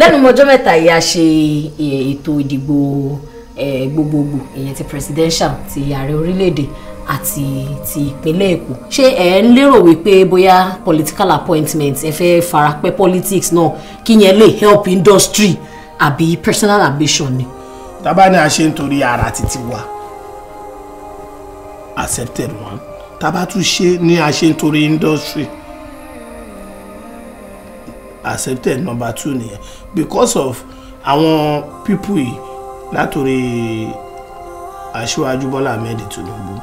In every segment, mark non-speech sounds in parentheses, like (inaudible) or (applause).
lẹ́nu ọjọ́ mẹ́ta yìí a ṣe e, ètò ìdìbò e, gbogbogbò ìyẹn ti presidential ti ààrẹ orílẹ̀-èdè àti ti ìpínlẹ̀ èkó ṣé ẹ ń lérò wípé bóyá political appointment ẹ fẹ́ farapẹ́ politics náà kí yẹn lè help industry àbí personal ambition ni. tábà ní a ṣe ń torí ara títí wa accepted one tábà tún ṣe ni a ṣe ń torí industry accepted number two nìyẹn because of àwọn people yìí látòrí aṣíwájú Bọ́lá Ahmed Tinubu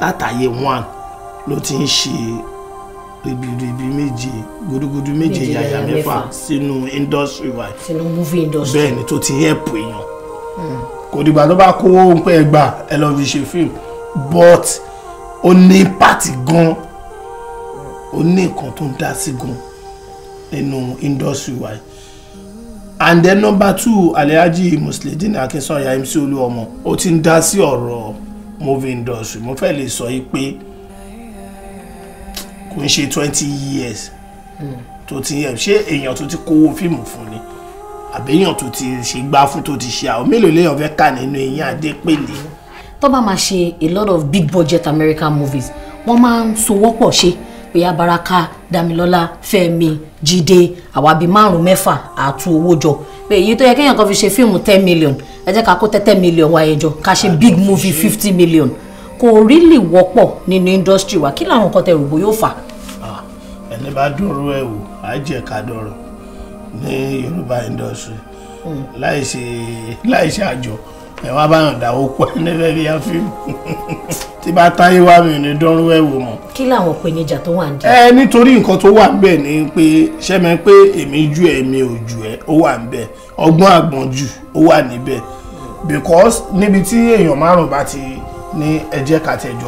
látàyè one ló ti ń ṣe ribiribi méje gudugudu méje yàyà mẹ́fà sínú industry wa sínú movie industry bẹ́ẹ̀ ni tó ti ń help èèyàn hmm. kò dìgbà tó bá kówó ń pẹ́ gbà ẹ lọ́ọ́ fi ṣe fíìmù but ó ní pàtì gan ó ní nǹkan tó ń dá sí gan nínú industry wa yìí and then number two Alhaji Musleydeen Akinsanya MC Olúọmọ ó ti ń dá sí ọ̀rọ̀ movie industry mo fẹ́ lè sọ yìí pé kò ń ṣe twenty years tó ti yẹ ṣé èèyàn tó ti kówó fíìmù fún ni àbẹ̀yàn tó ti ṣe gbá fún tó ti ṣe àwọn mélòó lèèyàn fẹ́ kà nínú eyín Adépèlé. tó bá máa ṣe a lot of big budget American movies wọ́n máa ń sowọ́pọ̀ ṣe bóyá baraka damilọ́lá fẹ́mi Jide, àwa bíi márùn mẹ́fà àtú owó jọ pé èyí tó yẹ kéèyàn kan fi ṣe fíìmù ten million ẹ jẹ́ ká kó tẹ́tẹ́ million wáyé jọ ká ṣe big movie fifty million kò rí lè wọ́pọ̀ nínú industry wa kí làwọn kan tẹ rògbò yóò fà. ẹni bá dúró ẹ wò á jẹ ká dọ̀rọ̀ ní yorùbá industry hmm. láì ṣe àjọ ẹ wá báyọ̀ dáwó pọ̀ nílẹ̀ rí àfihàn tí bá táyé wá mi ní dánrú ẹ wò kí làwọn ìpèníjà tó wà ń jẹ. ẹ nítorí nǹkan tó wà ńbẹ̀ ni pé sẹ́mi pé èmi ju èmi ò ju ẹ ó wà ńbẹ̀ ọgbọ́n àgbọ̀njù ó wà níbẹ̀ because níbi tí èèyàn márùn bá ti ní ẹ jẹ́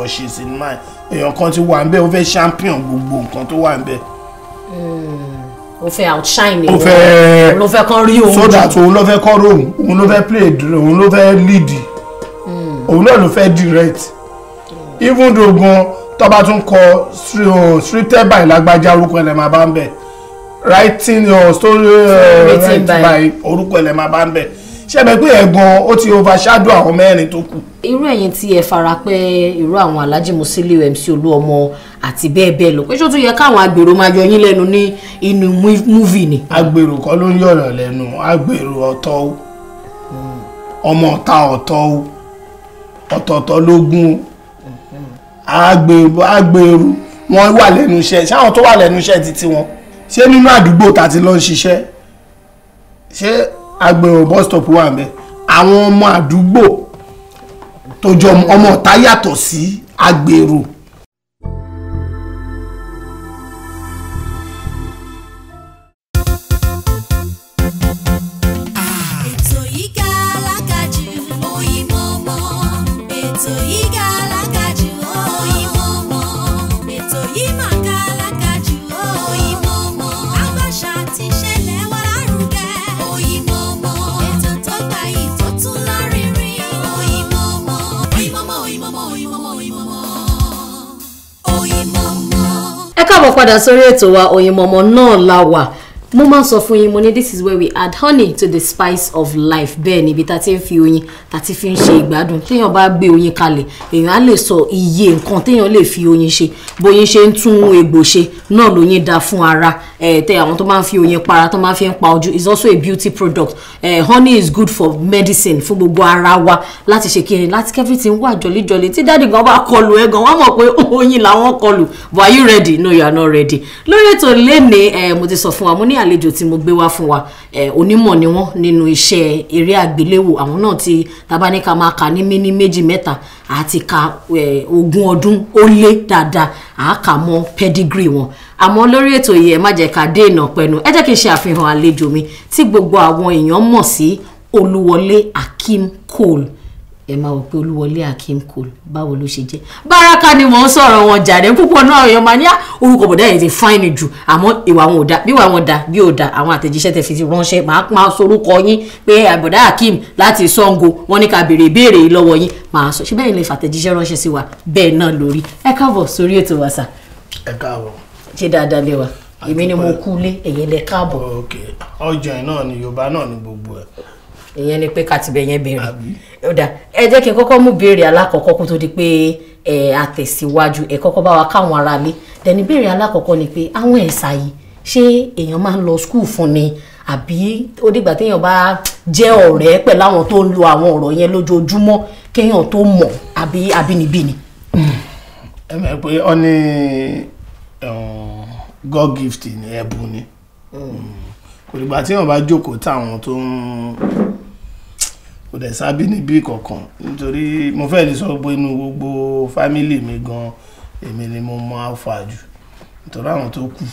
ṣe sinimá èèyàn kan ti wà ńbẹ̀ ó fẹ́ champion gbogbo nǹkan tó wà ńbẹ̀. Mm o fẹ́ outshine o fẹ́ o fẹ́ kan rí òun so that òun ló fẹ́ kọ rohun òun ló fẹ́ play òun ló fẹ́ lead hmm. òun náà ló fẹ́ direct even though gan tó bá tún kọ scripted oh, by lágbájá orúkọ ẹ̀ lẹ́ máa bá ń bẹ̀ writing oh, your oh, story written by orúkọ ẹ̀ lẹ́ máa bá ń bẹ̀ ṣẹ́bẹ̀ pé ẹ̀gbọ́n ó ti overshadow àwọn mẹ́rin tó kù. irú ẹ̀yin tí ẹ fara pẹ́ irú àwọn Alhaji Musiliu MC Olúọmọ àti bẹ́ẹ̀ bẹ́ẹ̀ lọ pé ṣó tún yẹ káwọn agbèrò máa yọ yín lẹ́nu ní inú múvì ni. agbèrò kọ́ ló ń yọ̀rọ̀ lẹ́nu agbèrò ọ̀tọ̀ ọmọ ọ̀ta ọ̀tọ̀ ọ̀tọ̀ọ̀tọ̀ lógún agbèrò wọn wà lẹ́nu iṣẹ́ ṣáwọn tó wà lẹ́nu iṣẹ́ títí wọn ṣé nínú àdúgbò tá ti lọ ń ṣiṣẹ́ ṣé agbèrò bus stop wà ń bẹ àwọn ọmọ àdúgbò tó ọmọ ọ̀tá yàtọ̀ sí agbèrò. ètò yìí ga alákàjù òyìnbó mọ́ ètò yìí ga. padà sórí ètò wa Oyinmomo náà la wà mo máa ń sọ fún yín mo ní this is where we add honey to the spice of life bẹ́ẹ̀ ni ibi tá ti ń fi oyin tá ti fi ń ṣe ìgbádùn téèyàn bá gbé oyin kalẹ̀ èèyàn á lè sọ iye nǹkan téèyàn lè fi oyin ṣe bóyin ṣe ń tún egbò ṣe náà lóyin da fún ara tẹ àwọn tó máa ń fi oyin para tó máa ń fi ń pa ojú is also a beauty product eh, honey is good for medicine fún gbogbo ara wa láti ṣe kí ni láti everything wà jọlíjọlí tí dáàdì gan bá kọlù ẹ gan wọ́n mọ̀ pé (laughs) oyin làwọn kọlù but are you ready no you are not ready lórí ètò lẹ́ni mo ti sọ fún wa mo ní àlejò tí mo gbé wá fún wa eh, onímọ̀ ni wọ́n nínú iṣẹ́ eré àgbéléwò àwọn náà ti tabaníka máa kà ní méní méjì mẹ́ta àti ka eh, ogún ọdún ó lé dáadáa àákà mọ́ pedigree wọn àmọ́ lórí ètò yìí ẹ má jẹ́ ká dé ìnà pẹ̀lú ẹ jẹ́ kí n ṣe àfihàn àlejò mi tí gbogbo àwọn èèyàn mọ̀ sí Olúwọlé Akeem Cole ẹ máa wò pé olúwọlé akeem cole báwo ló ṣe jẹ báraka ni mò ń sọ̀rọ̀ wọn jàre púpọ̀ náà èèyàn máa ní ah, orúkọ bọ̀dá yẹn ti fáìnì jù àmọ́ ìwà wọn ò da bí ìwà wọn da bí ò da àwọn àtẹ̀jíṣẹ́ tẹ fi ránṣẹ́ màá máa sorúkọ yín pé àbọ̀dá ah, akeem láti Ṣàngó wọn ní ká béèrè ìbéèrè yìí lọ́wọ́ yín màá sọ ṣé bẹ́ẹ̀ lè fàtẹ̀jíṣẹ́ ránṣẹ́ sí wa bẹ́ẹ̀ náà lórí ẹ káàbọ̀ sórí ètò wa sà ẹ káàbọ̀ ṣé dáadáa lẹ wa èmi ni mo kú lé ẹ̀yẹ lẹ káàbọ̀ ìyẹn ni pé kàtìbẹ̀ yẹn bẹ̀rẹ̀ ó dà ẹ jẹ́ kí n kọ́kọ́ mú béèrè alákọ̀ọ́kọ́ kó tó di pé ẹ àtẹ̀síwájú ẹ kọ́kọ́ bá wa káwọn ará lé dẹ̀ni béèrè alákọ̀ọ́kọ́ ni pé àwọn ẹ̀sà yìí ṣé èèyàn máa ń lọ skul fún ni àbí ó dìgbà téèyàn bá jẹ́ ọ̀rẹ́ pẹ̀lú àwọn tó ń lo àwọn ọ̀rọ̀ yẹn lójoojúmọ́ kéèyàn tó mọ̀ àbí àbínibíni. ẹ mọ̀ pé ọ god gift ni ẹ̀bùn ni mm. kò dìgbà téèyàn bá jókòó táwọn tó ń kò dẹ̀ sábí níbí kankan nítorí mo fẹ́ lè sọ pé inú gbogbo fámìlì mi gan èmi ni mo máa fà jù nítorí àwọn tó kù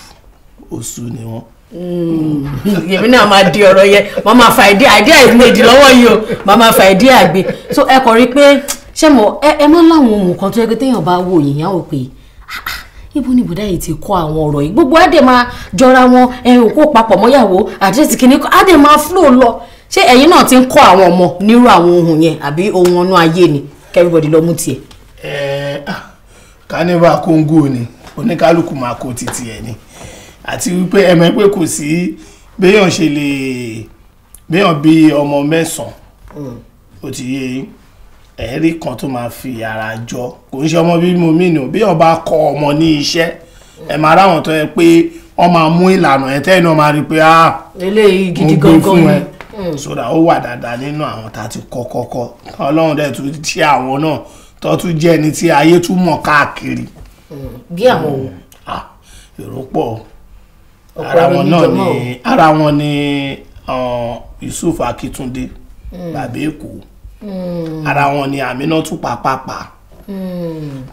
oṣù ni wọ́n hmm. èmi náà máa di ọ̀rọ̀ yẹn wọ́n máa fa ìdí àìdí àìmejì lọ́wọ́ yìí o wọ́n máa fa ìdí àgbè so ẹ kọ̀ rí pé ṣé mo ẹ máa láwọn ohun kan tó yẹ pé téèyàn bá wo èèyàn á wò pé ah, ah, ibo ni bùdá yìí ti kọ àwọn ọ̀rọ̀ yìí gbogbo á dẹ̀ máa jọra wọn ẹ òkú papọ̀ mọ́yàwó àdírẹ́sì kìíní á máa flow lọ ṣé ẹ̀yin náà ti ń kọ́ àwọn ọmọ nírú àwọn ohun yẹn àbí ohun ọ̀nà ayé ni kẹ́rìbọ̀dì lọ mú tiẹ̀. ẹ ẹ kánífà kóńgò ni oníkálukú máa kó títí ẹ ni àti wípé ẹ mọ̀ pé kò sí béèyàn ṣe lè béèyàn bí ọmọ mẹ́sàn-án hmm. ó ti yé ẹ̀rí kan tó máa fi ara jọ kò ń ṣe ọmọ bí mo mí béèyàn bá kọ ọmọ ní iṣẹ́ ẹ máa ráwọn tó yẹ pé wọ́n máa mú ìlànà ẹ̀ tẹ́ẹ̀ náà máa rí i pé ah mo gbé fún ẹ Hmm. so that ó wà dáadáa nínú àwọn tá a ti kọ́ kọ́kọ́ ọlọ́run dẹ̀ tún ṣe àwọn náà tó tún jẹ́ ẹni tí ayé tún mọ̀ káàkiri. Hmm. bí àwọn wo. Hmm. Ah, èrò pọ̀ ara wọn náà ni ara wọn ni uh, Yusuf Akitunde bàbá Èkó ara wọn ni Aminatu Papapa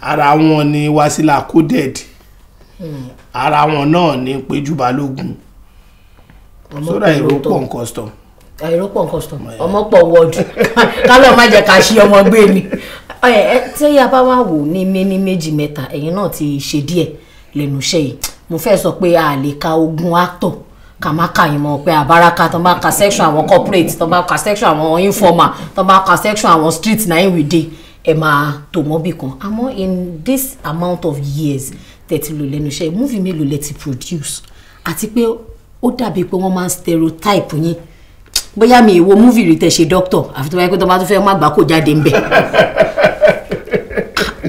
ara wọn ni Wasila Coded ara wọn náà ni Péjú Balógun sódà èrò pọ̀ ń custom ẹ̀rọ pọ̀ custom ọmọ pọ̀ ward kálọ̀ má jẹ́ ká ṣe ọmọ gbé ni tẹ́yà bá wà wò ní méní méjì mẹ́ta ẹ̀yin náà ti ṣe díẹ̀ lẹ́nu iṣẹ́ yìí mo fẹ́ sọ pé a lè ka ogún actor kà má kà yín mọ pé àbáraka tó bá ka section àwọn corporate tó bá ka section àwọn informal tó bá ka section àwọn street na in we dey ẹ máa tò mọ́ bì kan àmọ́ in this amount of years tẹ̀tí lò lẹ́nu iṣẹ́ movie mélòó lẹ ti produce àti pé ó dàbí pé wọ́n máa stereotype yín bóyá mi ìwo múvì rí tẹ̀ ṣe dókítọ̀ àfi tó bá yẹ pé tó bá tún fẹ́ má gbà kó jáde ń bẹ̀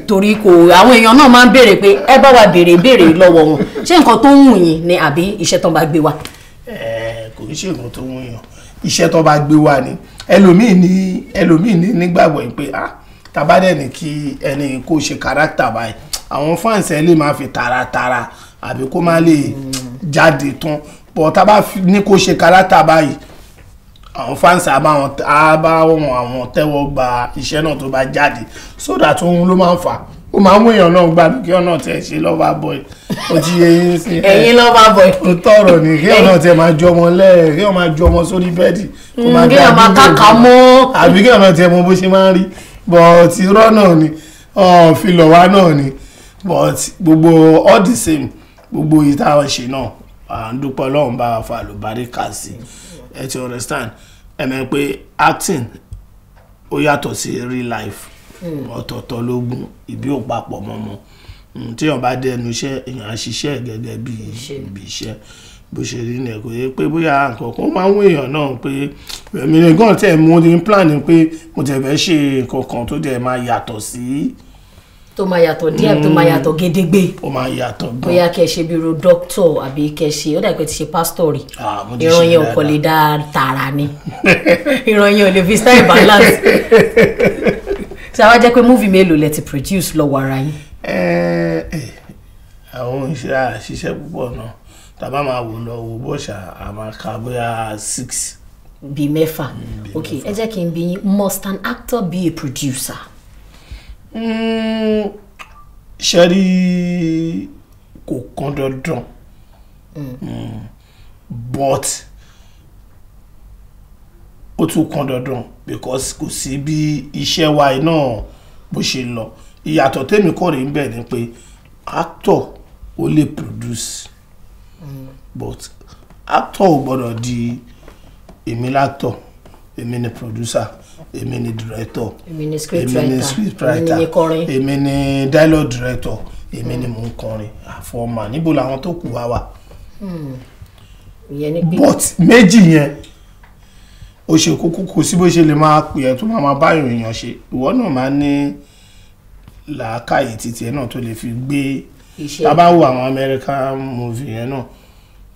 torí kò àwọn èèyàn náà máa ń béèrè pé ẹ bá wa béèrè béèrè lọ́wọ́ wọn ṣé nǹkan tó ń wù yín ni àbí iṣẹ́ tó ń bá gbé wa. kò ń ṣe nǹkan tó ń wù yàn iṣẹ́ tó bá gbé wa ni ẹlòmíì ní ẹlòmíì ní nígbàgbọ́ pé ah tabadẹ ni kí ẹni kó ṣe káràkítà báyìí àwọn fáǹsì ẹ lè máa fi taratara àbí kó má lè jáde tán bọ̀ tá ní kó ṣe káràkítà báyìí àwọn fáǹsì àbáwọn àwọn tẹ́wọ́ gba iṣẹ́ náà tó bá jáde sódà tó ń ló máa ń fà ó máa ń mú èèyàn náà gbádùn kí ọ̀nà tiẹ̀ ṣe lọ́ba boy ó ti yẹ yín sí. (laughs) ẹ̀yin lọ́ba boy. ó tọrọ ni kí ọ̀nà tiẹ̀ máa ju ọmọ lẹ́ẹ̀ kí ọ̀nà máa ju ọmọ sórí bẹ́ẹ̀dì. Mm, kí ọ̀nà máa mọ́. àbí kí ọ̀nà tiẹ̀ mọ bó ṣe máa ń rí but irọ́ náà ni filọ̀ wa náà ni but gbogbo all the same gbogbo ìta ọ̀ṣẹ̀ náà à ń dúpọ̀ Ọlọ́run bá wa fa àlùbáríkà sí ẹ ti understand ẹ̀mẹ̀ pé acting ó yàtọ̀ sí real life hmm. ọ̀tọ̀ọ̀tọ̀ lógún ìbí ò papọ̀ mọ́mọ́ hmm, tíyàn bá dẹnu iṣẹ́ èèyàn á ṣiṣẹ́ gẹ́gẹ́ bí ibi iṣẹ́ bó ṣe rí ni ẹ̀kọ́ yẹ pé bóyá nǹkan kan máa ń wọ èèyàn náà pé èmi gan tẹ̀ mú ní plan pé mo tẹ̀ fẹ́ ṣe nǹkan kan tó dẹ̀ máa yàtọ̀ sí. Si tó máa yàtọ̀ díẹ̀ tó máa hmm. yàtọ̀ gédégbé ó máa yàtọ̀ gan bóyá kẹ ṣe bírò dókítọ̀ àbí kẹ ṣe ó dàgbẹ́ ti ṣe pásítọ̀ rí ah, ìran yẹn ò kọ́ lè dá tààrà ni (laughs) ìran yẹn ò lè fi style balance ṣé àwa jẹ́ pé múvì mélòó lẹ ti produce lọ́wọ́ ara yín. ẹ eh, ẹ eh, àwọn òṣìṣẹ́ àṣìṣe púpọ̀ náà tàbá máa wò lọ wò bọ́ṣà àmàkà bóyá six. bíi mẹ́fà hmm, ok ẹ jẹ́ kí n bí must an actor be a producer. Hmm, ṣe rí kò kan dandan hmm. Hmm, but ó tún kan dandan because kò sí bí iṣẹ́ wa iná bó ṣe lọ ìyàtọ̀ tèmi kọ́ rí ń bẹ̀ ni pé actor ó lè produce mm. but actor ò gbọ́dọ̀ di èmi látọ̀ èmi ni producer èmi ni director èmi ni script writer èmi ni dialogue director èmi ni mò ń kọrin àfọmà níbo làwọn tó kù wá wà hmm. but méjì yẹn ó ṣe kókó kò sí bó ṣe lè máa pè ẹ́ tó máa máa bá ìròyìn ṣe ìwọ náà máa ní làákàyè títí ẹ náà tó lè fi gbé tábà wo àwọn American movie yẹn náà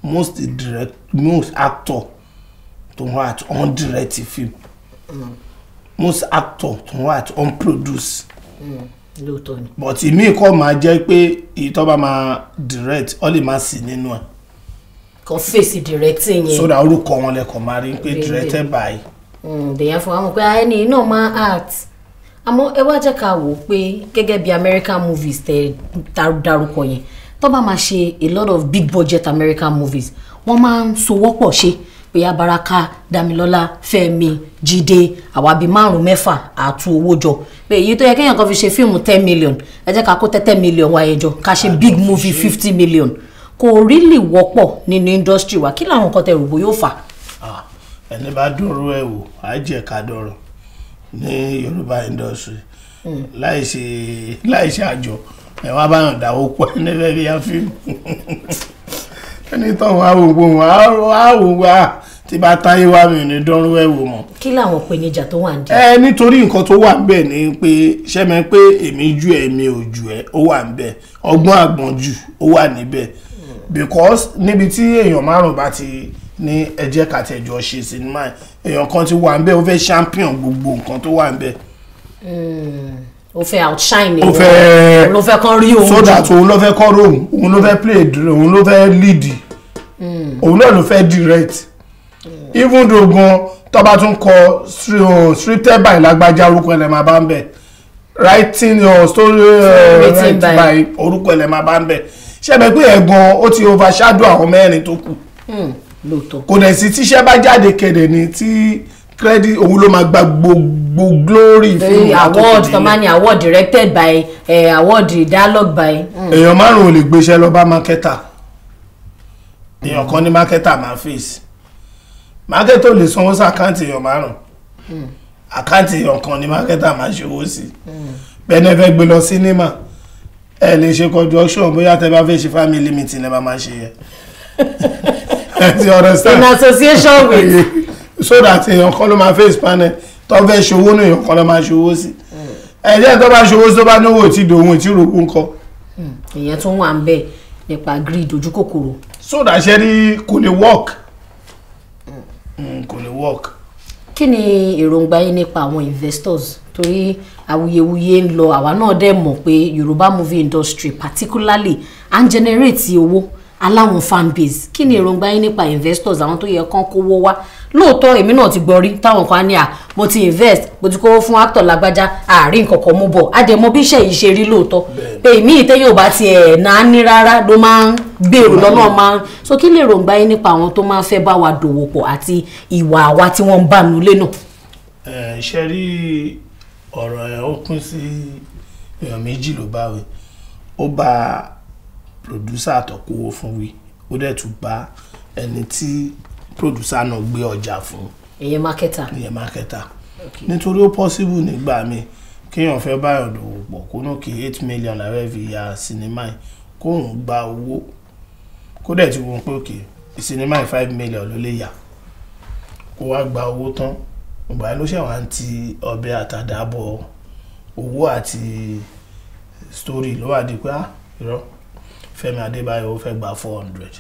most direct most actor tó wà on direct film. Mm most actor tó wà tó produce. Mm, lóòótọ́ but ìmí kọ́ máa jẹ́ pé ìtọ́ bá máa direct ọ lè má sí nínú ẹ̀. kò fèsì directing yẹn. sódà orúkọ wọn lẹkọọ máa rí pé directed by. dèyàn mm, fún wa mọ̀ pé ah, ẹni náà máa act àmọ́ ẹ wá jẹ́ ká wò ó pé gẹ́gẹ́ bí American movies tẹ dárúkọ yẹn tó bá máa ṣe a lot of big budget American movies wọ́n máa ń sowọ́pọ̀ ṣe. So bóyá baraka damilọla fẹmi Jide, àwa bíi márùn mẹ́fà àtú owó jọ pé èyí tó yẹ kéèyàn kan fi ṣe fíìmù ten million ẹ jẹ́ ká kó tẹ́tẹ́ million wáyé jọ ká ṣe big movie fifty million kò really wọ́pọ̀ nínú industry wa kí làwọn kan tẹ rògbò yóò fà. ẹni bá dúró ẹ wò á jẹ ní yorùbá industry hmm. láìsí láìsí àjọ ẹ wá bá yàn dáwó pọ̀ (laughs) nílẹ̀ bí a fíìmù (laughs) ẹni tó wà wò wò wà wò wà tí bá táyé wá mi ò ní dánrú ẹ wò mọ́. kí làwọn ìpèníjà tó wà ń di. ẹ nítorí nǹkan tó wà bẹ́ẹ̀ ni pé ṣẹ́mi pé èmi ju ẹ ò ju ẹ ó wà níbẹ̀ ọgbọ́n àgbọ̀njù ó wà níbẹ̀ because níbi tí èèyàn márùn bá ti ní ẹjẹ́ kàtẹ́jọ ṣe sinimá èèyàn kan ti wà níbẹ̀ ó fẹ́ champion gbogbo nǹkan tó wà níbẹ̀. Hmm, ó fẹ́ outshine òun òun ló fẹ́ kán rí òun jù. so that òun ló fẹ́ kán rí òun òun ló fẹ́ play òun ló fẹ́ lead hmm. òun náà ló fẹ́ direct even though gan tó bá tún kọ scripted by lágbájá orúkọ ẹlẹ́ máa bá ń bẹ̀ writing your story uh, writing by orúkọ ẹlẹ́ máa bá ń bẹ̀ ṣẹ́mi pé ẹ̀gbọ́n ó ti overshadow àwọn mẹ́rin tó kù hmm, kò dẹ̀ sí tíṣẹ́ bá jáde kéde ni tí credit òun ló máa gba gbogbo glory fún ìyá tó award award directed by eh, award dialogue by. Hmm. èèyàn márùn-ún ò lè gbéṣẹ́ lọ bá mákẹ́tà èèyàn kan ní mákẹ́tà máa fèsì mákẹ́tò lè sanwó sí àkáǹtì èèyàn márùn àkáǹtì èèyàn kan ni mákẹ́tà máa ṣe owó sí bẹ́ẹ̀ ẹ fẹ́ gbé lọ sínímà ẹ lè ṣe conjunction bóyá tẹ bá fẹ́ ṣe family meeting ẹ bá máa ṣe yẹn ẹ (laughs) ti understand in association with so that èèyàn kan ló máa face panel tó fẹ́ ṣòwò náà èèyàn kan ló máa ṣòwò sí ẹ jẹ́ tó bá ṣòwò tó bá náwó tí dòun tí rògbò ń kọ. Hmm, ìyẹn tún wà ń bẹ nípa greed ojú kòkòrò. so that ṣe ni kò lè work Hmm, kò ní work. kí ni èròǹgbà yín nípa àwọn investors torí awuyewuye ń lọ àwa náà dẹ̀ mọ̀ pé Yorùbá movie industry particularly à ń generate owó aláwọn fan base kí ni èròǹgbà yín nípa investors àwọn tó yẹ kán kówó wá lóòótọ́ èmi náà ti gbọ́ rí táwọn kan á ní à mo ti invest mo ti kówó fún actor lágbájá àárín kankan mú bọ̀ àdèmọ bí iṣẹ́ yìí ṣe rí lóòótọ́ pé èmi ìtẹ́yìn ò bá ti ẹ̀ náà ní rárá ló máa ń gbèrò lọ́nà máa ń so kí lè ròǹgbà yín nípa àwọn tó máa ń fẹ́ bá wa dòwò pọ̀ àti ìwà àwa tí wọ́n ń bà nú lé náà. ṣe rí ọ̀rọ̀ ẹ̀ ó kún sí èèyàn méjì ló bá wí ó bá producer àtọ̀kówó fún wí ó dẹ̀ tún bá ẹni tí producer náà gbé ọjà fún. ìyẹn marketer. ìyẹn marketer. nítorí ó possible nígbà mi kéèyàn fẹ́ báyọ̀ dòwò pọ̀ kó náà kí eight million lára fi ya sinimá yìí kóun gba owó kó dẹ̀ ti wọ́n pé òkè sinimá yìí five million ló lè yà kó wá gba owó tán ìgbà ló ṣẹ̀wá ń ti ọbẹ̀ àtàdàbọ̀ owó àti story ló wà di pé ah irọ́ Fẹ́mi Adébáyọ̀ ó fẹ́ gba four hundred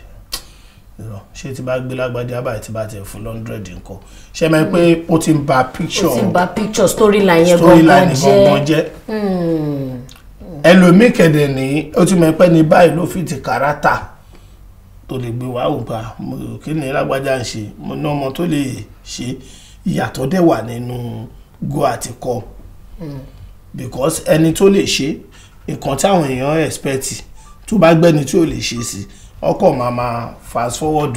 ṣé tí bá gbé lágbádé àbáyé tí bá tiẹ̀ fún hundred nǹkan ṣe mọ̀ pé ó ti ń ba picture ó ti ń ba picture storyline yẹn gangan jẹ́ hmm. ẹlòmíì kẹ̀dẹ̀ ní ó ti mọ̀ pé ní báyìí ló fi ti kárátà tó lè gbé wàá òǹkà kí ni lágbájá ń ṣe mo ní ọmọ tó lè ṣe ìyàtọ̀ dẹ̀ wà nínú go àti kọ hmm. because ẹni tó lè ṣe nǹkan táwọn èèyàn expect tó bá gbẹ́ni tí ò lè ṣe sí ọkọ̀ mama fast forward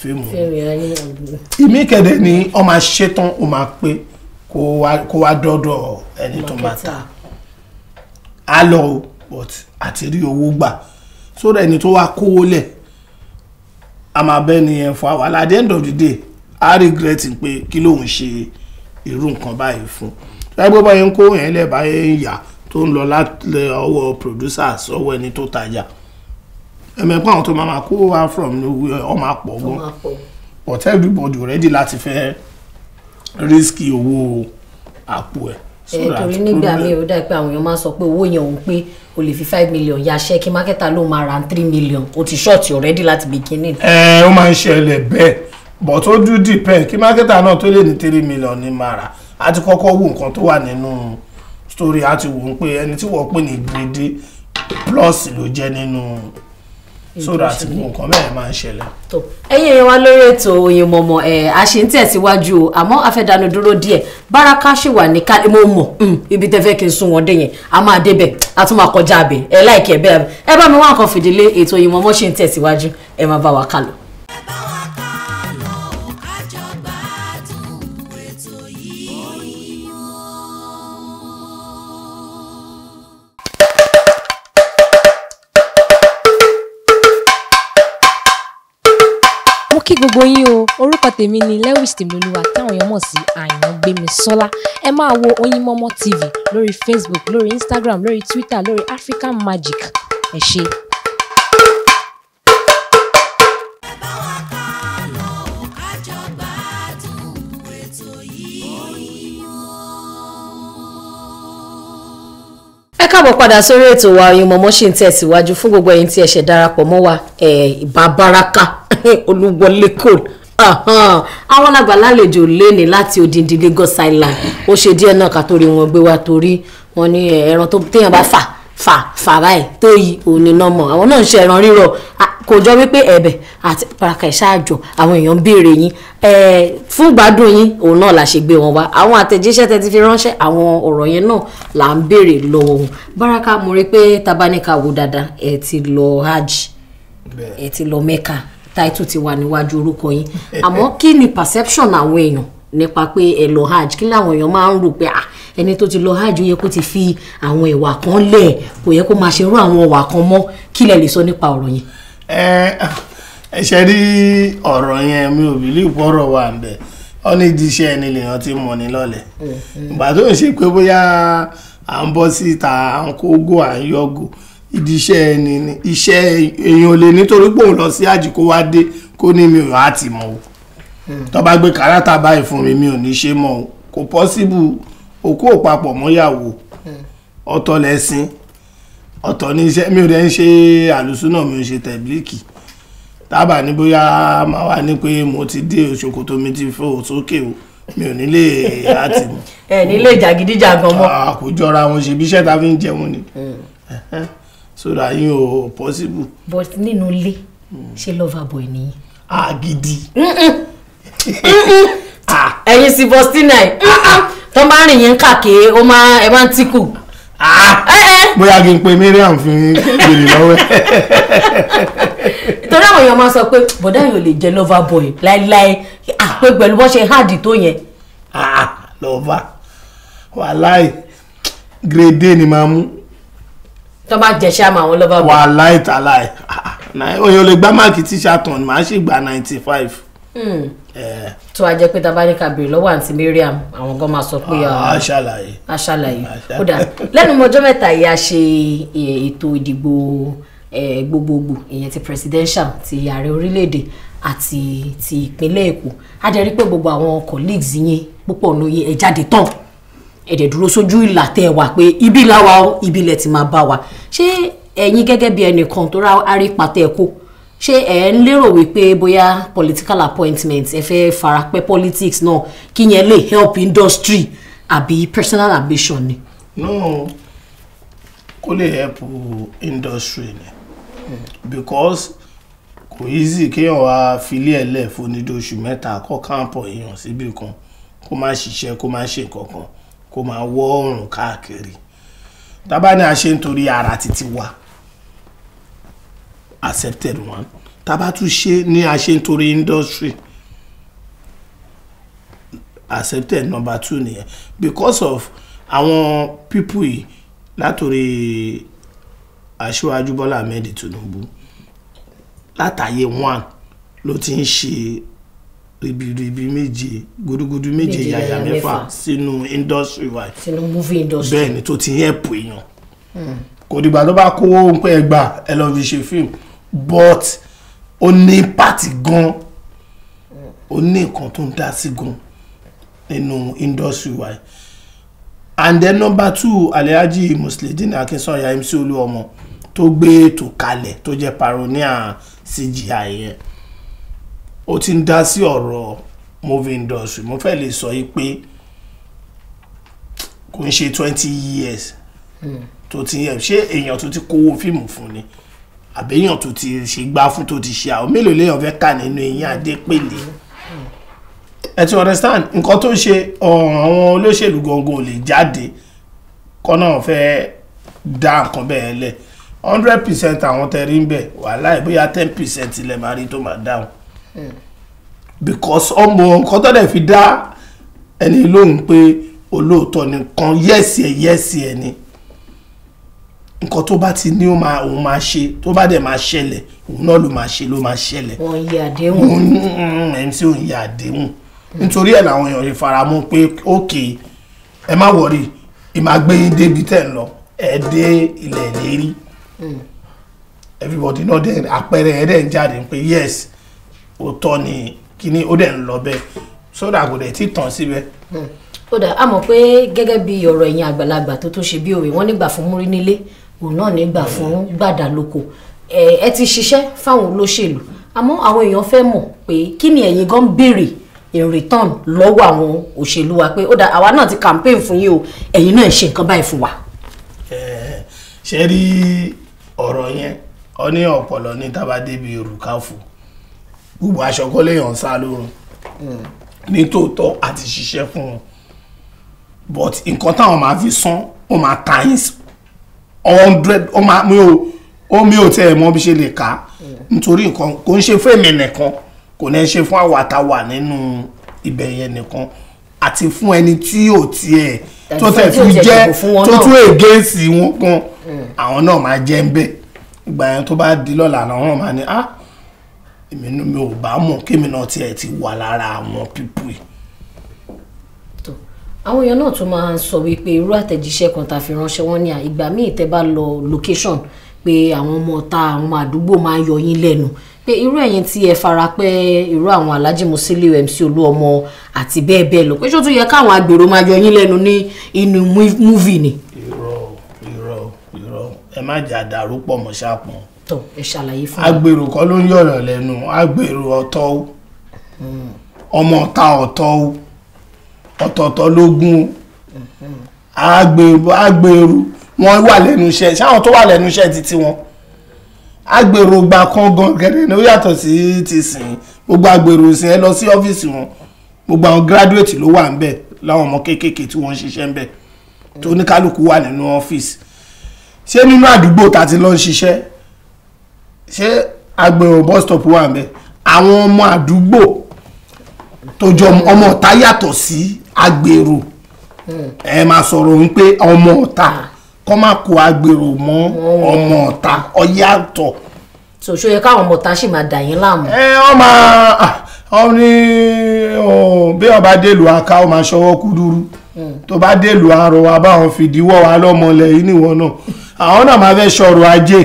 fíìmù ìmí kẹ̀dẹ̀ ni ọ máa ṣetán ó máa pé kó wá dọ́dọ̀ ẹni tó máa ta á lọ but àti rí owó gbà so that ẹni tó wá kówó lẹ̀ a máa bẹ́ ni ẹ̀ fún àwọn at the end of the day a regret pé kí lòun ṣe irú nǹkan báyìí fún ẹgbẹ́ báyìí ń kó yẹn lẹ̀ báyìí ń yà tó ń lọ láti ọwọ́ producer sọ́wọ́ ẹni tó tajà. So ẹ̀mẹ̀ pé àwọn tó máa kó wa from nowhere ọmọ àpọ̀ gan but everybody already láti fẹ́ risky owó àpò ẹ̀ eh, torí nígbà míì ó dàbí pé àwọn èèyàn máa sọ pé owó yẹn òun pé o lè fi five million ya ṣẹ́kí mákẹ́tà ló máa ra three million o ti ṣọ́ọ̀tì already láti beginning. ẹ eh, ó máa ń ṣẹlẹ̀ bẹ́ẹ̀ but ó do depend kí mákẹ́tà náà tó lè ní three million ní máa rà á ti kọ́kọ́ wo nǹkan tó wà nínú story á ti wò ó pé ẹni tí wọ́n pè ní gbèdé plus ló jẹ́ nínú so that nǹkan mẹ́rin máa ń ṣẹlẹ̀. ẹ̀yin èèyàn wa lórí ètò Oyinmomo ẹ̀ a ṣe ń tẹ̀síwájú o àmọ́ a fẹ́ dánu dúró díẹ̀ báraka ṣì wà ní ká mo mọ̀ mm, ibi tẹ́ fẹ́ kí n sún wọn dé yẹn a máa débẹ̀ a tún máa kọjá abẹ ẹ láìkẹ́ bẹ́ẹ̀ ẹ bá mi wá nǹkan fìdílé ètò Oyinmomo ṣe ń tẹ̀síwájú ẹ máa bá wa kálọ. kí gbogbo yín o orúkọ tèmi ni Lewis Tèmilolúwa táwọn èèyàn mọ̀ sí Àyàngbémisọ́lá ẹ máa wo Oyinmomo TV lórí Facebook lórí Instagram lórí Twitter lórí African Magic ẹ ṣé. ẹ káàbọ̀ padà sórí ètò wa Oyinmomo ṣì ń tẹ̀síwájú fún gbogbo ẹ̀yin tí ẹ ṣe darapọ̀ mọ́ wa ìbá baraka (laughs) Olúwọlé Cole àwọn àgbà lálejò léni láti odindi Lagos Island ó ṣe díẹ̀ náà ká torí wọn gbé wa torí wọn ní ẹran tó téèyàn bá fà fà fà báyìí tó yí òní náà mọ̀ àwọn náà ń ṣe ẹran rírọ̀ kò jọ wípé ẹ̀bẹ̀ àti paraka ìṣáàjọ àwọn èèyàn ń béèrè yín fún gbádùn yín òun náà la ṣe gbé wọn wá àwọn àtẹ̀jíṣẹ́ tẹ́ ti fi ránṣẹ́ àwọn ọ̀rọ̀ yẹn náà là ń béèrè lọ́wọ́ wọn Baraka mo rí pé tabaníka wò dáadáa ẹ ti lọ hajj ẹ ti lọ Mẹ́kà táìtù ti wà níwájú orúkọ yín àmọ́ kí ni perception àwọn èèyàn nípa pé ẹ lọ hajj kí làwọn èèyàn máa ń rò pé ah ẹni tó ti lọ hajj yẹ kó ti fi àwọn ìwà kan lẹ̀ kò yẹ kó máa ṣe irú àwọn ìwà kan mọ́ kí lẹ lè sọ nípa ọ̀rọ̀ yẹn. ẹ ẹ ṣe rí ọ̀rọ̀ yẹn mi ò bìlí ìpọ́rọ̀ wà ń bẹ̀ ọ́ ní ìdíṣẹ́ ẹni lèèyàn ti mọ̀ ní lọ́lẹ̀ mm-hmm. ìgbà tó ń ṣe pé bóyá à ń bọ́ síta à ń kógó à ń yọgò ìdí ẹni ni iṣẹ́ èèyàn ò lè nítorí pé òun lọ sí àjì kó wá dé kó ní mi ò á ti mọ̀ o mm. tó gbé káràtà báyìí fún mi mi ò ní ṣe mọ̀ o kò pọ́síbù òkú ò papọ̀ mọ́yàwó ọ̀tọ̀ lẹ́sìn ọ̀tọ̀ ní iṣẹ́ mi ò dẹ́ ń ṣe àlùsùnà mi ò ṣe tẹ̀blíkì tábà ní bóyá máa wà ní pé mo ti dé ṣòkòtò mi ti fò sókè o mi ò nílé àti ẹ nílé jàgídíjàgan mọ. kò jọra wọn ṣe bí iṣẹ́ ta fi ń jẹun ni mm. so that yín o possible. but nínú ilé mm. ṣe lover boy ni agidi. ẹyin sí bọ́sítínà yìí tó bá rìn yín kàkiri ó máa ẹ máa ń tíkù. Ah! bóyá kí n pe Mariam fi gbèrè lọ́wọ́ (laughs) torí àwọn èèyàn máa sọ pé bọ̀dá yìí ò lè jẹ́ lover boy láéláé àpé pẹ̀lú bó ṣe háàdì tó yẹn. Ah, lọ́ọ̀bà wàláì gírèdè ni màá mú. tó bá jẹ ṣáà máa wọn lover boy. wàláì tàláì òyìn ah, ò lè gbá máàkì tíṣà tán màá ṣì gba ninety five. Hmm tó a jẹ́ pé tabaríkà béèrè lọ́wọ́ àǹtí Mariam àwọn gan máa sọ pé ah, a ṣàlàyé a ṣàlàyé kódà lẹ́nu ọjọ́ mẹ́ta yìí a ṣe e, ètò ìdìbò e, gbogbogbò ìyẹn ti presidential ti ààrẹ orílẹ̀-èdè àti ti ìpínlẹ̀ Èkó a jẹ́ rí pé gbogbo àwọn colleagues yín púpọ̀ ní oyè ẹ̀ jáde tán ẹ̀dẹ̀ dúró sójú ìlà tẹ́ ẹ wà pé ibi làwa ibi ilẹ̀ ti máa bá wa ṣé ẹ̀yin gẹ́gẹ́ bí ẹnìkan tó rá arípa tẹ́ ẹ kó ṣé ẹ ń lérò wípé bóyá political appointment ẹ fẹ́ farapẹ́ politics náà kí yẹn lè help industry àbí personal ambition ni. no kó lè help industry ni because kò easy kéèyàn wá filé ẹ̀lẹ́ fónídó oṣù mẹ́ta kọ́ káàpọ̀ èèyàn síbì kan kó má ṣiṣẹ́ kó má ṣe nǹkan kan kó má wọ́ ọ̀run káàkiri tábà ni a ṣe ń torí ara títí wa accepted one tá a bá tún ṣe ní a nítorí industry accepted number two nìyẹn because of àwọn pipu yìí látòrí aṣíwájú Bọ́lá Ahmed Tinubu látàyè one ló ti ń ṣe ribiribi méje gudugudu méje yàyà mẹ́fà sínú industry wa sínú movie industry bẹ́ẹ̀ ni tó ti ń help èèyàn hmm. kò dìgbà tó bá kówó ń pẹ́ gbà ẹ lọ́ọ́ fi ṣe fíìmù but ó ní pàtì gan ó ní nǹkan tó ń dá sí gan nínú industry wa and then number two Alhaji Musleydeen Akinsanya MC Olúọmọ tó gbé ètò kalẹ̀ tó jẹ́ paronia CGI yẹn ó ti ń dá sí ọ̀rọ̀ movie industry mo fẹ́ lè sọ yìí pé kò ń ṣe twenty years hmm. tó ti yẹ ṣé èèyàn tó ti kówó fíìmù fún ni. Mm àbẹ́yàn tó ti ṣe gbá fún tó ti ṣe àwọn mélòó léèyàn fẹ́ kà nínú eyín adépèlé ẹ ti understand nǹkan tó ṣe àwọn olóṣèlú gangan ò lè jáde kọ́nà fẹ́ dá nǹkan bẹ́ẹ̀ lẹ̀ hundred percent àwọn tẹ̀rí ń bẹ̀ wàhálà ẹ̀ bóyá ten percent ilẹ̀ máa rí tó máa dáhùn because ọmọ nǹkan tó dẹ̀ fi dá ẹni lóhùn pé olóòótọ́ nìkan yẹ́sì ẹ̀ yẹ́sì ẹ̀ ni. Yes, nǹkan tó bá ti ní ó máa òun máa ṣe tó bá dẹ̀ máa ṣẹlẹ̀ òun náà ló máa ṣe ló máa ṣẹlẹ̀. wọn yí àdéhùn. Mm, ẹni tí ò ń yí àdéhùn nítorí ẹ̀ làwọn èèyàn lè faramọ́ pé ókè ẹ má wọrí ẹ má gbé yín débi tẹ̀ ń lọ ẹ dé ilẹ̀ ìlérí hmm. everybody náà dẹ̀ àpẹẹrẹ ẹ̀ dẹ̀ ń jáde pé yes òótọ́ ni kíní ó dẹ̀ ń lọ bẹ́ẹ̀ sódà kò dẹ̀ ti tàn síbẹ̀. Hmm. ó dà á mọ̀ pé gẹ́gẹ́ bí ọ̀rọ̀ ẹ̀yin àgbàlagbà tó tó ṣe bí òwe wọ́n nígbà fún múrí nílé òun náà nígbà fún gbàdà lóko ẹ ti ṣiṣẹ́ fáwọn olóṣèlú àmọ́ àwọn èèyàn fẹ́ mọ̀ pé kí ni ẹ̀yin gan béèrè in return lọ́wọ́ àwọn òṣèlú wa pé ó dà àwa náà ti campaign fún yín o ẹ̀yin náà ṣe nǹkan báyìí fún wa. ṣe rí ọ̀rọ̀ yẹn ọ ní ọ̀pọ̀lọ ní tábàdé bíi òrùkàfù gbogbo aṣọ kọ́lé ń sá lórun hmm. nítòótọ́ àti ṣiṣẹ́ fún wọn but nǹkan táwọn máa fi san ó máa times hundred ọmọ mi ò ó mi ò tẹ́ ẹ̀ mọ́ bí ṣe lè kà nítorí nǹkan kò ń ṣe fún èmi nìkan kò ní ṣe fún àwa tá a wà nínú ibẹ̀ yẹn nìkan àti fún ẹni tí ò tiẹ̀ tó tẹ̀ fi jẹ́ tó tún ègéǹsì wọn gan hmm. àwọn náà máa jẹ́ ń bẹ̀ ìgbà yẹn tó bá di lọ́la àwọn máa ní ah èmi mi ò bá mọ̀ kémi náà tiẹ̀ ti wà lára àwọn pípù àwọn èèyàn náà tún máa ń sọ wípé irú àtẹ̀jíṣẹ́ kan tá a fi ránṣẹ́ wọn ní à ìgbà míì tẹ́ bá lọ location pé àwọn ọmọ ọ̀tá àwọn àdúgbò máa ń yọ yín lẹ́nu pé irú ẹ̀yin tí ẹ fara pẹ́ irú àwọn Alhaji Musiliu MC Olúọmọ àti bẹ́ẹ̀ bẹ́ẹ̀ lọ pé ṣó tún yẹ káwọn agbèrò máa yọ yín lẹ́nu ní inú múvì ni. irọ́ irọ́ irọ́ ẹ má jà dàrú pọ̀ mọ́ ṣàpọ̀n. tọ ẹ ṣàlàyé fún mi. agbèrò kọ́ ló ń yọ̀rọ̀ lẹ́nu agbèrò ọ̀tọ̀ hmm. ọmọ ọ̀tá ọ̀tọ̀ ọ̀tọ̀ọ̀tọ̀ lógún agbèrú wọn wà lẹ́nu iṣẹ́ ṣáwọn tó wà lẹ́nu iṣẹ́ títí wọn agbèrò gba kan gan gẹ́gẹ́ ni ó yàtọ̀ sí ti sìn gbogbo agbèrò sìn ẹ lọ sí ọ́fíìsì wọn gbogbo àwọn gíráduwétì ló wà ń bẹ̀ láwọn ọmọ kéékèèké tí wọ́n ń ṣiṣẹ́ ń bẹ̀ tó ní kálukú wà nínú ọ́fíìsì ṣé nínú àdúgbò tá ti lọ ń ṣiṣẹ́ ṣé agbèrò bus stop wà ń bẹ̀ àwọn ọmọ àdúgbò tó jọ ọmọ ọ̀tá yàtọ̀ sí agbèrò ẹ máa sọ̀rọ̀ ń pé ọmọ ọ̀tá kọ́ máa kó agbèrò mọ́ ọmọ ọ̀tá ọ̀yàtọ̀. so ṣó yẹ káwọn ọmọ ọ̀tá sì máa dà yín láàmú. ẹ ọ máa ọ ní bí ọba dèlù aka ọ máa ṣọwọ́ kúdúrú tó bá dèlù arọ wa báwọn fìdíwọ́ wa lọ́mọlẹ̀ yìí nìwọ̀n náà àwọn náà máa fẹ́ ṣọ̀rọ̀ ajé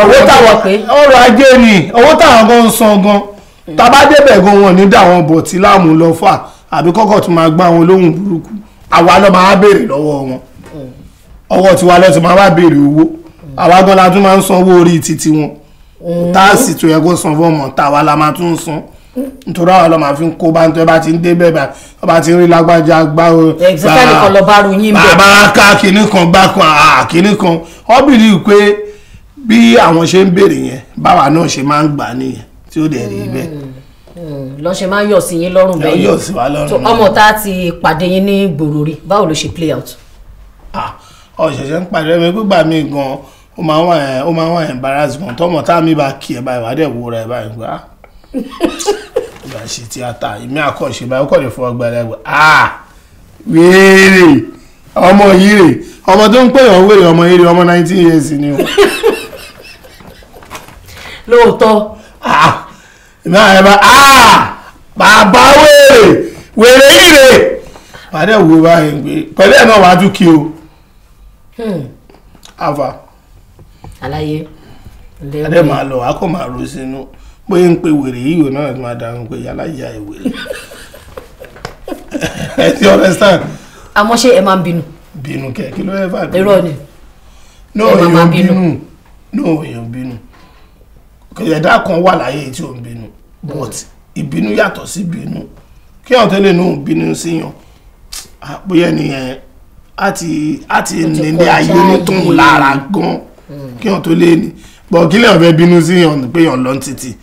owó táwọn ọrọ̀ ajé ni owó táwọn gan ń san gan tabadébẹ̀ gan wọn ní dàwọn bọ̀tí láàmú lọ àbí kọ́kọ́ tún máa gbá wọn lóhùn burúkú àwa ló máa béèrè lọ́wọ́ wọn ọwọ́ tiwa ló ti máa wá béèrè owó àwa gan la tún máa ń sanwó orí títí wọn táàsì tó yẹ kó san fọ́ọ̀mù tàwa la máa tún san nítorí àwọn ọlọ́mà fi ń kó bá ń tọ́ ẹ bá ti ń dé bẹ́ẹ̀ bá ọ ti ń rí lágbájá gbá o. ẹ̀sìtẹ́lì kan lọ bá ru yín bẹ́ẹ̀. bàbá ká kinní kan gbá kan àà kinní kan ọ bìrì pé bí àwọn ṣe ń béèrè yẹn báwa náà ṣe máa ń gbà nìyẹn tí ó dẹ̀ rí bẹ́ẹ̀ lọ́sẹ̀ máa ń yọ̀ sí yín lọ́rùn bẹ́ẹ̀ yọ̀ sí wa lọ́rùn náà ọmọ tá a ti pàdé yín ní gbòòrò rí báwo ló ṣe play out. ọ̀ṣẹ̀ṣẹ̀ ń pàdé mi gbígbà mi gan-an ó máa wà ẹ̀ ó máa wà ẹ̀ embarrass gan tọ́mọ tá mi bá kí ẹ̀ báyìí wà á dẹ̀ wo ra ẹ̀ báyìí gbà á (laughs) ìgbà ṣe tíátà ìmí àkọ́ṣe báyìí ó kọ̀ lè fọwọ́ gbà lẹ́gbẹ̀ẹ́ ah wéèrè ọmọ yìí rè ọmọ tó ń pè yàn wéèrè ọmọ yìí rè ọmọ nineteen years ni o. (laughs) lóòótọ́. ah náà ẹ bá a bàbá wèrè wèrè ìrè pàdé wo báyìí ń gbé pẹ̀lú ẹ̀ náà wàá dúkì o àfà. Hmm. àlàyé lẹ́wọ̀n adé máa lọ akọ máa ro sínú pé ń pe wèrè ìwé náà máa dáhùn pé aláìyá ìwèrè (laughs) ẹ ti understand. àmọ́ ṣé ẹ máa ń bínú. bínú kẹ kí ló fẹ́ fà bínú. irọ́ ni ẹ máa bínú. náà èèyàn bínú ẹ̀dá kan wà láyé tí ò ń bínú but ìbínú yàtọ̀ sí ìbínú kí àwọn tẹ́lẹ̀ nù bínú síyàn bóyá nìyẹn á ti nílé ayé nítòun lára gan hmm. kí àwọn tó lé ní bọ̀ kí lèèyàn fẹ́ bínú síyàn pé yàn lọ títì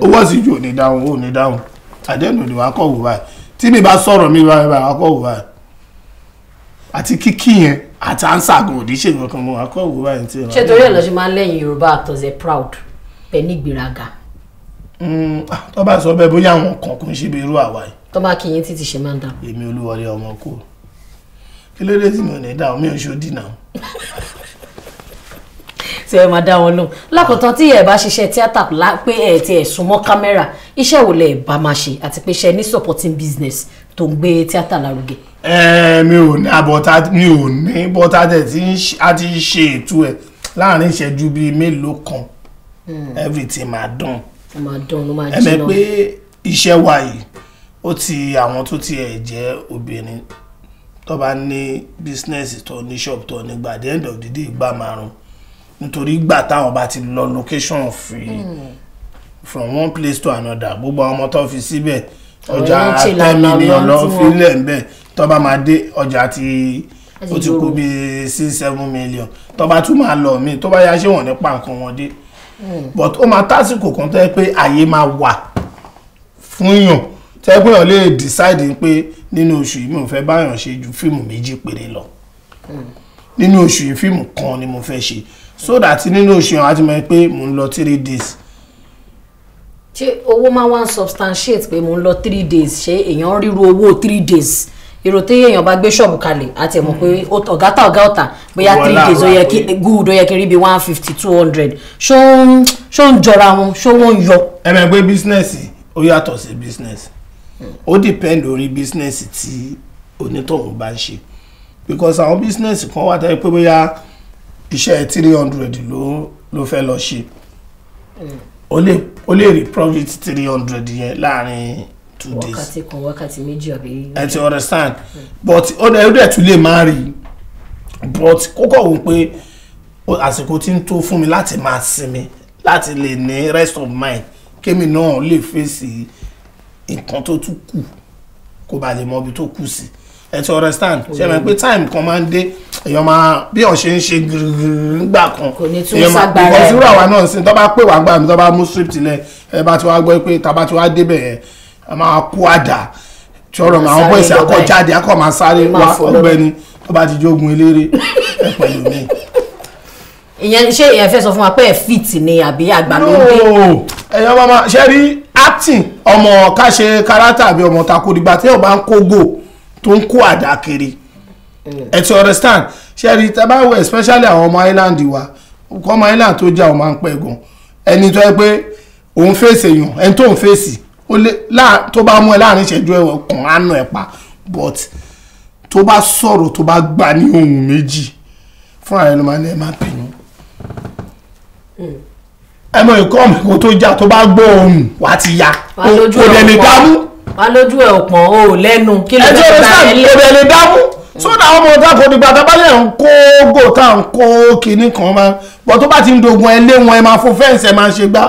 owó sì ju òní dáhùn òní dáhùn àdéhùn òní wàá kọ̀ wò báyìí tí mi bá sọ̀rọ̀ mi báyìí wàá kọ̀ wò báyìí àti kíkí yẹn àti ansagun òdì ṣèwọ̀n kan mo wàá kọ̀ wò báyìí. ṣé torí ẹ̀ lọ́ọ́ máa ń lẹ́yìn Yorùbá actors ẹ̀ proud pẹ̀lú ìgbéraga. Mm, ah, tó bá sọ bẹ́ẹ̀ bóyá àwọn kan kò ń ṣe bí irú àwa yìí. tó bá kí yín títí ṣe máa ń dà. èmi olúwọlé ọmọ kò kí ló dé tí mi ò ní dà mí ò ṣó dìnà. tí ẹ máa dá wọn lóhùn lákòótán tí ẹ bá ṣiṣẹ́ tíátà pé ẹ ti ẹ sún mọ́ kámẹ́rà iṣẹ́ wo lẹ bá máa ṣe àti pé ṣe ní supporting business tó ń gbé tíátà lárugẹ. ẹ mi ò ní abọ́tá mi ò ní bọ́tá tẹ̀ tí a ti ṣe ètò ẹ̀ láàrin ìṣẹ́jú bíi mélòó kan hmm. everything máa dùn ó máa dán ló máa jiná. ẹ̀mẹ̀ pé iṣẹ́ wa yìí ó ti àwọn tó tiẹ̀ jẹ́ obìnrin tó bá ní bísínẹ́sì tó ní ṣọ́ọ̀bù tó ní gbà the end of the day gbà márùn-ún nítorí gbà táwọn bá ti lọ location free hmm. from one place to another gbogbo àwọn ọmọ tó fi síbẹ̀ ọjà ten million lọ fi lẹ̀ ń bẹ̀ tó bá máa dé ọjà ti ó ti kú bíi six seven million tó bá tún máa lọ míì tó bá yá ṣé wọ́n nípa nǹkan wọn dé but ó máa tásìkò kan tó yẹ pé àyè máa wà fún yàn tó yẹ pé decide pé nínú oṣù yìí mi ò fẹ́ báyàn ṣe ju fíìmù méjì péré lọ nínú oṣù yìí fíìmù kan ni mo fe ṣe so that nínú oṣù yẹn wá ti mọ̀ pé mo ń lọ days. ṣé owó ma wan substantiate pe mo ń lọ three days ṣé èèyàn ríru owó three days èrò tí èèyàn bá gbé ṣọ́ọ̀bù kalẹ̀ àti ẹ̀mọ̀ pé hmm. ọ̀gá ta ọ̀gá ọ̀tà bóyá three days ó yẹ kí good ó yẹ kí n rí bí one fifty two hundred ṣó ń ṣó ń jọra wọn ṣó wọ́n ń yọ. ẹ mọ̀ pé bísínẹ́sì ó yàtọ̀ sí bísínẹ́sì ó dìpẹ́ndì lórí bísínẹ́sì tí onítọ̀hún bá ń ṣe because àwọn bísínẹ́sì kan wà tẹ́lẹ̀ pé bóyá iṣẹ́ three hundred ló ló fẹ́ lọ ṣe hmm. ó ó lè rí profit three hundred yẹn láàrin two days. wákàtí kan wákàtí méjì àbí. ẹ ti understand but ó dẹ̀ ó dẹ̀ tún lè máa but kókó wò pé àsìkò tí ń tó fún mi láti máa sinmi láti lè ní rest of mind kémi náà lè fèsì nǹkan tó tún kù kó ba lè mọ ibi tó kù sí ẹ ti understand ṣe mọ̀ pé time kan máa ń dé èèyàn máa bí ọ̀ ṣe ń ṣe gírígírí nígbà kan èèyàn máa kò sí ìrọ̀ àwa náà sí tó bá pè wá gbà mí tó bá mú script lẹ ẹ bá ti wá gbọ́ pé tá a ti wá débẹ̀ yẹn a máa kó àdá tí ọ̀rọ̀ mọ àwọn bọ́ìsì akọ́jáde akọ́ máa sáré wá ọgbẹ́ni tó bá ti jogun eléré ẹ pẹ̀lú mi. ìyẹn ṣé ẹ fẹ́ sọ fún wa pé ẹ fit ni àbí àgbà ló dé. ẹ̀yọ́ máa ṣe rí acting ọmọ ká ṣe kárátà àbí ọmọ takodigba tí ẹ bá ń kó gò tó ń kó àdá kiri mm. ẹ ti understand ṣe rí tabawo especially àwọn ọmọ island wa ọmọ island tó jà ọmọ à ń pẹ́ gan ẹni tó yẹ pé òun fèsì èèyàn ẹni tó ń fèsì ó lé tó bá mú ẹ láàrin ìṣẹ́jú ẹ̀wọ̀n kan á nà ẹ pa but tó bá sọ̀rọ̀ tó bá gbà ní ohun méjì fúnra ẹ ló máa ní ẹ máa bínú hmm. ẹ mọ ìkọ́ mi kò tó já tó bá gbọ́ ohun wàá ti ya kò dẹ̀ lè dámú. wàá lójú ẹ̀ ọ̀pọ̀n o lẹ́nu kí ló dé bá ẹ lé. ẹ jẹ́ kò dẹ̀ lè dámú sódà àwọn ọmọ ọ̀tá kò dìgbà tábàlẹ̀ ń kó gòtà ń kan máa bọ̀ tó bá ti ń dogun ẹ lé wọn ẹ máa fún fẹ́ǹsì ẹ máa ṣe gbá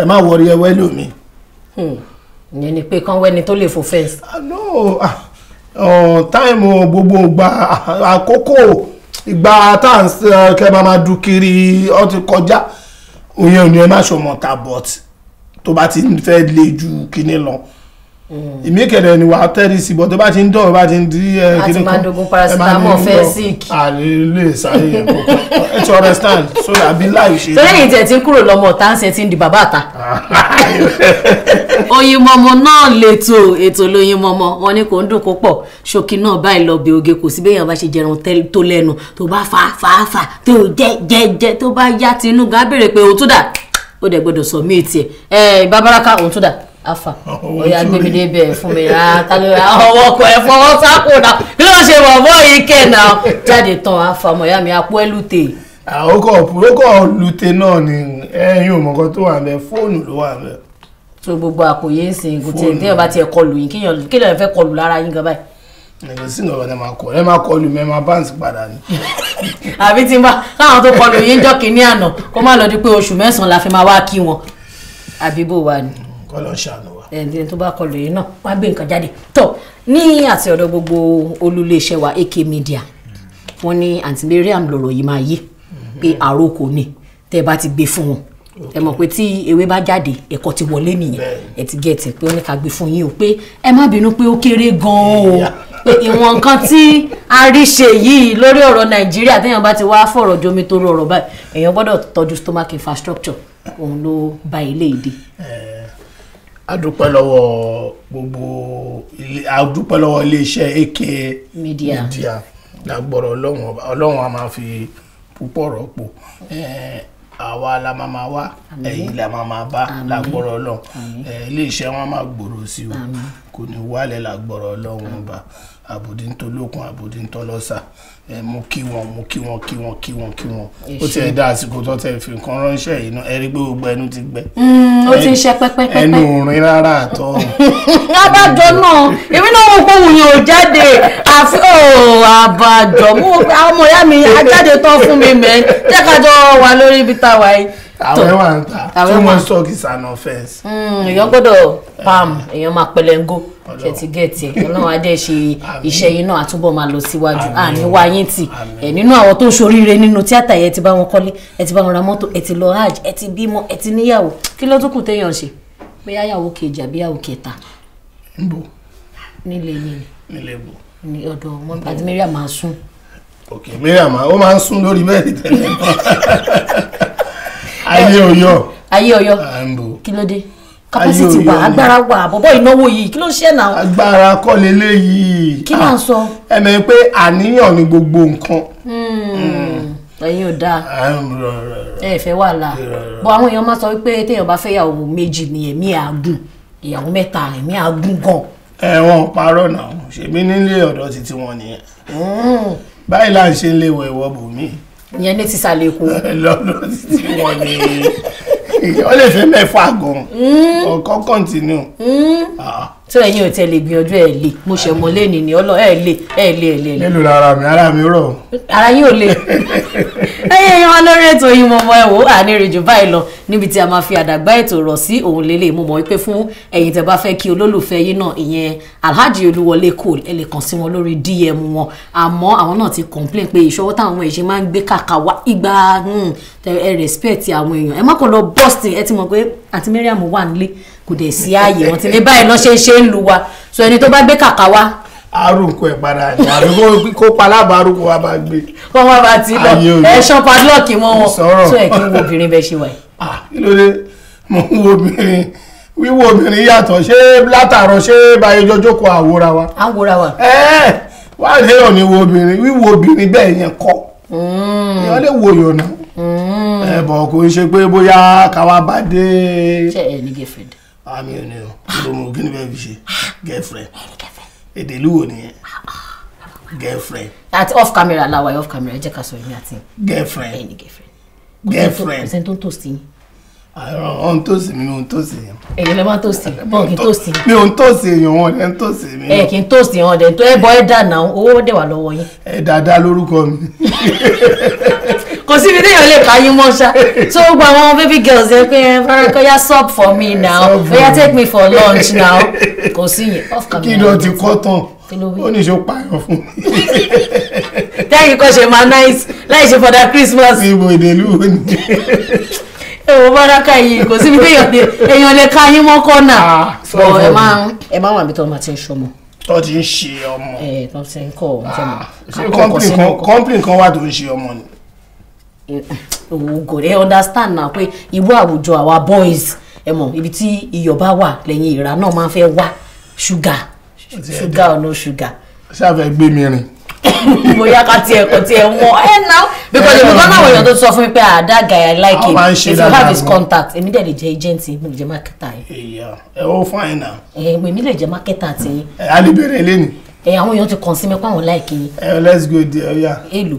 ẹ máa wọrí ẹwẹ́ ìyẹn ni pé kán wẹ́ni tó lè fò fẹ́ǹsì. Ah, no ah, oh, táìmù gbogbo gba ah, àkókò ìgbà tá à ń eh, kẹ́ máa máa du kiri ó ti kọjá òyìn òní ẹ má ṣọmọ ta but tó bá ti fẹ́ le ju kinní lọ Mm. ìmí kẹ̀dẹ̀ ni wàá tẹ́rí sí bọ́ tó bá ti ń dọ̀ bá ti ń di eh, ẹ kí ni kọ́ àti máa dogun paracetamol fẹ́ sick. àlele sáré yẹn kò kọ́ ẹ ti understand so àbí láì ṣe. tó lẹ́yìn tẹ̀ tí ń kúrò lọ́mọ ọ̀tá ń ṣe ti ń di bàbá àta. (laughs) Oyinmomo náà lètò ètò l'Oyinmomo wọn ni kò ń dùn kó pọ̀ ṣókí náà báyìí lọ bẹ oge kò sí bẹ́yàn bá ṣe jẹun tó lẹ́nu tó bá fa fa fa tó jẹ jẹ jẹ tó bá yá tinú gan á béèrè pé òun tó dà ó dẹ̀ gbọ́dọ̀ sọ mí tiẹ̀ ẹ̀ ìbábaraka eh, òun tó dà afa oh, ọyà gbẹmídé bẹẹ fún mi àtàlùwẹ ah, ah, ọwọ ọkọ ẹ fọwọ sáko náà kí ló ṣe wọ bọ yìí kẹ náà jáde tán afa ọmọ ìyá mi apọ ẹlùtè. àwòkọ òpùrọkọ lùtè náà ni ẹyin òmùkọ tó wà mẹ fóònù ló wà mẹ. tó gbogbo àpòyé ń sìn kò tiẹ̀ téèyàn bá tiẹ̀ kọlù yín kéèyàn kéèyàn fẹ́ kọlù lára yín gan báyìí. ẹ̀rọ sí ìgbà wọn máa kọ ẹ máa kọlù mẹ máa báǹsì padà ni. (laughs) àbí tí n bá káwọn tó kọlù yín jọ kínní àná kó má lọ kọ́lọ́ ṣàánú wa. ẹni tó bá kọlù yìí náà wọ́n á gbé nǹkan jáde tọ́ ní àti ọ̀dọ̀ gbogbo olúléeṣẹ́ wa AK Media wọ́n ní àǹtí Mariam lọ̀rọ̀ yìí máa yé pé àròkò ni tẹ́ bá ti gbé fún wọn ẹ mọ̀ pé tí ewé bá jáde ẹ̀kọ́ ti wọlé nìyẹn ẹ ti gẹ̀ẹ́tì pé ó ní ká gbé fún yín o pé ẹ má bínú pé ó kéré gan o pé ìwọ̀n nǹkan tí a rí ṣe yìí lórí ọ̀rọ̀ nàìjíríà téèyàn bá ti wá fọ̀rọ̀ jomi tó rọrọ̀ báyìí èèyàn gbọ́dọ̀ tọ́jú stomach infrastructure òun ló ba ilé ìdí a dúpẹ́ lọ́wọ́ gbogbo ilé lọ́wọ́ iléeṣẹ́ AK media media lágbọ́rọ̀ ọlọ́run ọlọ́run a máa fi púpọ̀ rọ́pò àwa la máa máa wá ẹ̀yin la máa máa bá lágbọ́rọ̀ ọlọ́run iléeṣẹ́ wọn máa gbòòrò sí o kò ní wálẹ̀ lágbọ́rọ̀ ọlọ́run ọba àbòdíntolókun àbòdíntolọ́sà mo kí wọn mo kí wọn kí wọn kí wọn kí wọn ó ti ẹ̀ dá àsìkò tó tẹ̀ fi nǹkan ránṣẹ́ yìí náà ẹ rí pé gbogbo ẹnu ti gbẹ. Mm, ó ti ṣe pẹ́pẹ́pẹ́pẹ́ ẹnu òrin rárá àtọ́. (laughs) abájọ náà èmi náà mo kó wùyàn ò jáde àfi abájọ mo àwọn ọmọ ìyá mi ajáde tán fún mi mẹ́ jẹ́ ká jọ wà lórí ibi táwa yìí àwẹ̀ wà ń ta too much talk is an offence. Hmm, èèyàn gbọ́dọ̀ palm èèyàn máa pẹlẹ́ngó e. ṣe ti gẹ̀ẹ́tì ọlọ́run adé ṣe iṣẹ́ yìí náà àtúbọ̀ máa lọ síwájú àní wá yín tì ẹ̀ nínú àwọn tó ń ṣoríire nínú tíátà yẹn ti bá wọn kọ́lé ẹ ti bá wọn ra mọ́tò ẹ ti lọ hajj ẹ ti bímọ ẹ ti níyàwó kí ló tún kù téèyàn ṣe bóyá yàwó kejì àbí yàwó kẹta. nbọ nílé yìí nílé bò ní ọ̀dọ̀ ọmọ àti Mariam máa sún. ok Mariam ó máa ń sún lórí bẹ́ẹ̀ tẹ́lẹ̀ náà. (laughs) ayé ọyọ ayé ọyọ kí ló dé capacity wa, agbára wà bọ́bọ́ ìnáwó yìí kí ló ń ṣe ẹ̀ náà. agbára kọ́ lélẹ̀ yìí. kí ló ń sọ. ẹ mọ̀ pé àníyàn ni gbogbo nǹkan. Hmm, ẹ̀yin ò dáa ẹ fẹ́ wàhálà bọ́ àwọn èèyàn máa sọ wípé téèyàn bá fẹ́ ìyàwó méjì ni ẹ̀mí àágùn ìyàwó mẹ́ta ẹ̀mí àágùn gan. ẹ̀wọ̀n parọ́ náà ṣèmi nílé ọ̀dọ́ títí wọn nìyẹn hmm. báyìí là ń ṣe ń léwọ̀ ẹ̀wọ̀ bòmíì ìyẹn ní sísàlẹ̀ èkó. (laughs) lọ́dún tí wọ́n ní ọ lè fẹ́ mẹ́fà gan-an mm. ọ̀kan mm. ah. kọ́ńtínú tí ẹ̀yin ò tẹ lè gbìyànjú ẹ lè mo ṣe mọ lé nìní ọlọ ẹ lè ẹ lè ẹ lè. nílùú ara mi ara mi rọ. ara yín ò lè ẹyẹ yan olórí ètò yìí mo mọ ẹ wò á ní ìrìnjù báyìí lọ níbi tí a máa fi àdàgbà ètò rọ̀ sí òun lélẹ̀ mo mọ̀ wípé fún ẹ̀yin tẹ́ bá fẹ́ kí olólùfẹ́ yín náà ìyẹn Alhaji Olúwọlé Cole ẹ lè kàn sí wọn lórí DM wọn àmọ́ àwọn náà ti complain pé ìṣọwọ́ táwọn èṣe máa ń gbé kàkà wá ìgbà hmm, ẹ respect àwọn èèyàn ẹ má kàn lọ busting ẹ ti mọ̀ pé àti Mariam wà nílé kò dẹ̀ sí ààyè wọn ti ní báyìí náà ṣe ń ṣe ń lu wa so ẹni tó bá gbé kàkà wá. arúgbó ẹ padà ní kó palábà arúgbó wa bá gbé. wọn wá bá ti lọ ẹ ṣan padlọọkì wọn wọn so ẹ kí n obìnrin bẹ ṣe wà yìí. kí mo ń wo obìnrin wíwo obìnrin yàtọ̀ ṣé látàárọ̀ ṣé báyìí jọjọ́ kó àwòrán wa. àwòrán wa. ẹ wá lè yàn ní wo obìnrin wíwo obìnrin bẹ́ẹ̀ yẹn kọ́ ìyọ́n hmm. lè hmm. kò ń ṣe pé bóyá káwa bá dé. ṣe ẹ ní girlfriend àmì ah, ò ní o ló mú kí ni bẹ́ẹ̀ fi ṣe ah, ah. girlfriend èdè ìlú wo nìyẹn girlfriend. àti off camera làwọn off camera ẹ jẹ́ ká sọ èmi àti. girlfriend girlfriend. kò sẹ́ni tó ń tòsí yín ọ̀hún tó sì mi ohun tó sì yẹn. èyí lè má tó sì kí n tó sì. mi ò ń tó sì èèyàn wọn lè ń tó sì mi. ẹ kì í tó sì wọn dẹ tó ẹ bọ ẹ dànà owó dẹ wà lọ́wọ́ yín. ẹ dáadáa lórúkọ mi. (laughs) kò sí ibi téèyàn lè bá yín mọ́ ṣá tó gba àwọn baby girls yẹn pé farakọya sub for me now oya take me for lunch now kò sí yẹn off camera. kí ló ti kọ́ tán ó ní ṣó pààyàn fún mi. (laughs) tẹ́yìn kan ṣe máa náìsì láì ṣe for that Christmas. ibo ìdèlú ò ní. (laughs) ẹ wo báraka yìí kò síbi téèyàn lè èèyàn lè ka yín mọ́ kọ́nà ah, ọ̀ ẹ máa ẹ máa wà mí tó ọmọ àti ìṣọmọ. tó ti ń ṣe ọmọ. ẹ tó ti ń kọ ọmọ fẹmọ. Ah, ṣé kọ́ńpìn kan wà tó ń ṣe ọmọ ni. ògòrè understand na pé irú àwùjọ àwa boys ẹ mọ ibi tí iyọ̀ bá wà lẹ́yìn ìra náà máa fẹ́ wá ṣúgà ṣúgà ọ̀nà ṣúgà. ṣáà fẹ́ gbé mi rìn bóyá ká tiẹ̀ kọ tiẹ̀ wọ́n ẹ̀ eh, náà because eh, èmi gbọ́dọ̀ àwọn èèyàn tó sọ fún mi pé ah that guy i like him if you have his contact èmi dẹ̀ lè jẹ́ agent èmi lè jẹ́ marketer yìí. ẹ o fine na. Eh, èmi lè jẹ́ marketer ti yín. a lè bẹ̀rẹ̀ lẹ́nu. ẹ àwọn èèyàn ti kàn sí mi pé àwọn like yín. ẹ let's go there oya. Oh, èlò.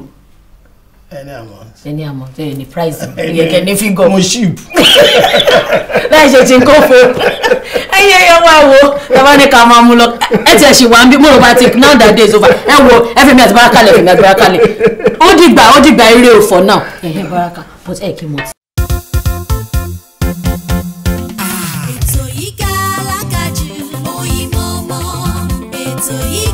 ẹni àmọ́. ẹni àmọ́ tó yẹ ní price yẹ kẹ́ ní figure. mo sheep. (laughs) láì ṣe ti ń kó fún ẹyẹ ẹyẹ wá wo bàbá ni ká máa mú lọ ẹ tiẹ̀ ṣì wá ń bí mo rò bá ti now that day is over ẹ wo ẹ fẹ́ mi àti baraka lẹ̀ mi àti baraka ó dìgbà ó dìgbà eré òfò náà ẹ̀yẹ baraka but ẹ̀ kí mo ti. ètò yìí ga alákàjù òyìnbó mọ́ ètò yìí.